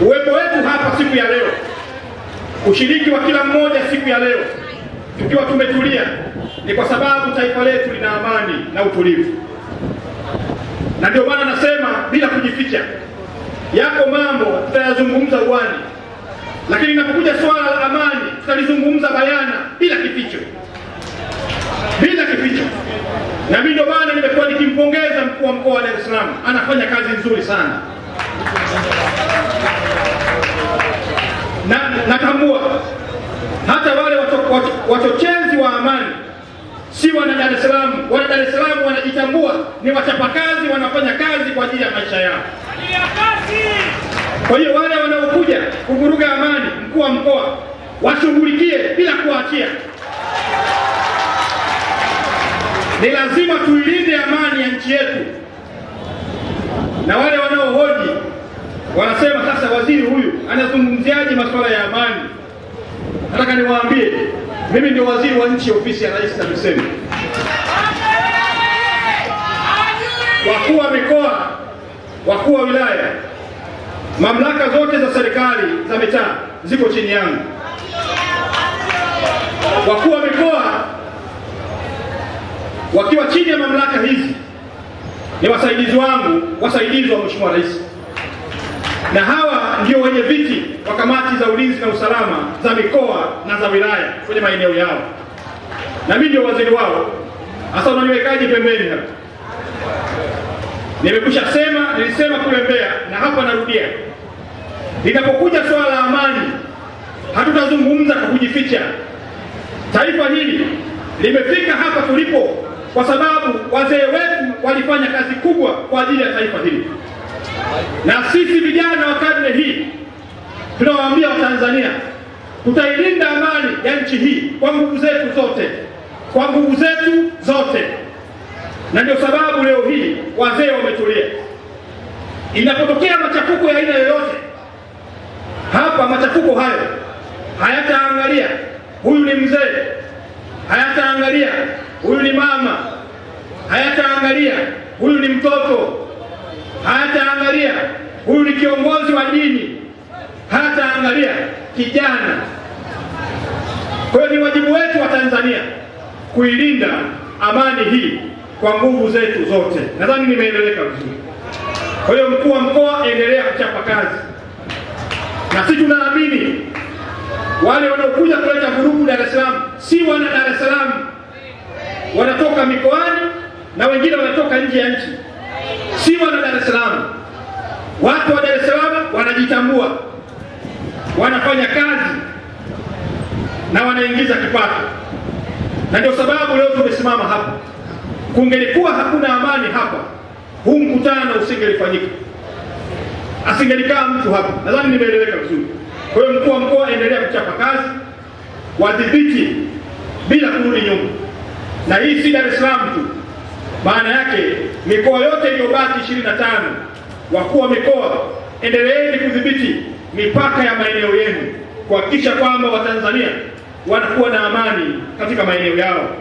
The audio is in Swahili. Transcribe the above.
Uwepo wetu hapa siku ya leo, ushiriki wa kila mmoja siku ya leo, tukiwa tumetulia, ni kwa sababu taifa letu lina amani na utulivu, na ndio maana nasema bila kujificha, yako mambo tutayazungumza uwani, lakini inapokuja swala la amani tutalizungumza bayana, bila kificho, bila kificho. Na mimi ndio maana nimekuwa nikimpongeza mkuu wa mkoa wa Dar es Salaam, anafanya kazi nzuri sana. Natambua hata wale wachochezi wa amani si wana Dar es Salaam. Wana Dar es Salaam wanajitambua, ni wachapakazi, wanafanya kazi kwa ajili ya maisha yao. Kwa hiyo wale wanaokuja kuvuruga amani, mkuu wa mkoa washughulikie bila kuachia. Ni lazima tuilinde amani ya nchi yetu, na wale wanaohoji wanasema sasa, waziri huyu anazungumzia masuala ya amani, nataka niwaambie, mimi ndio waziri wa nchi ofisi ya Rais TAMISEMI. Wakuu wa mikoa, wakuu wa wilaya, mamlaka zote za serikali za mitaa ziko chini yangu. Wakuu wa mikoa wakiwa chini ya mamlaka hizi ni wasaidizi wangu, wasaidizi wa Mheshimiwa Rais, na hawa ndio wenye viti wa kamati za ulinzi na usalama za mikoa na za wilaya kwenye maeneo yao, na mimi ndio waziri wao. Sasa unaniwekaje pembeni hapa? Nimekwisha sema, nilisema kule Mbeya na hapa narudia, linapokuja swala la amani, hatutazungumza kwa kujificha. Taifa hili limefika hapa tulipo kwa sababu wazee wetu walifanya kazi kubwa kwa ajili ya taifa hili. Na sisi vijana wa karne hii tunawaambia Watanzania, tutailinda amani ya nchi hii kwa nguvu zetu zote, kwa nguvu zetu zote. Na ndio sababu leo hii wazee wametulia. Inapotokea machafuko ya aina yoyote hapa, machafuko hayo hayataangalia huyu ni mzee, hayataangalia huyu ni mama, hayataangalia huyu ni mtoto hata angalia huyu ni kiongozi wa dini, hata angalia kijana. Kwa hiyo ni wajibu wetu wa Tanzania kuilinda amani hii kwa nguvu zetu zote. Nadhani nimeeleweka vizuri. Kwa hiyo mkuu wa mkoa, endelea kuchapa kazi, na sisi tunaamini wale wanaokuja kuleta vurugu Dar es Salaam si wana Dar es Salaam, wanatoka mikoani na wengine wanatoka nje ya nchi, si wana Watu wa Dar es Salaam wanajitambua, wanafanya kazi na wanaingiza kipato, na ndio sababu leo tumesimama hapa. Kungelikuwa hakuna amani hapa, huu mkutano usingelifanyika, asingelikaa mtu hapa. Nadhani nimeeleweka vizuri. Kwa hiyo, mkuu wa mkoa, endelea kuchapa kazi, wadhibiti bila kurudi nyuma, na hii si Dar es Salaam tu, maana yake mikoa yote iliyobaki ishirini na tano wakuu wa mikoa, endeleeni kudhibiti mipaka ya maeneo yenu kuhakikisha kwamba Watanzania wanakuwa na amani katika maeneo yao.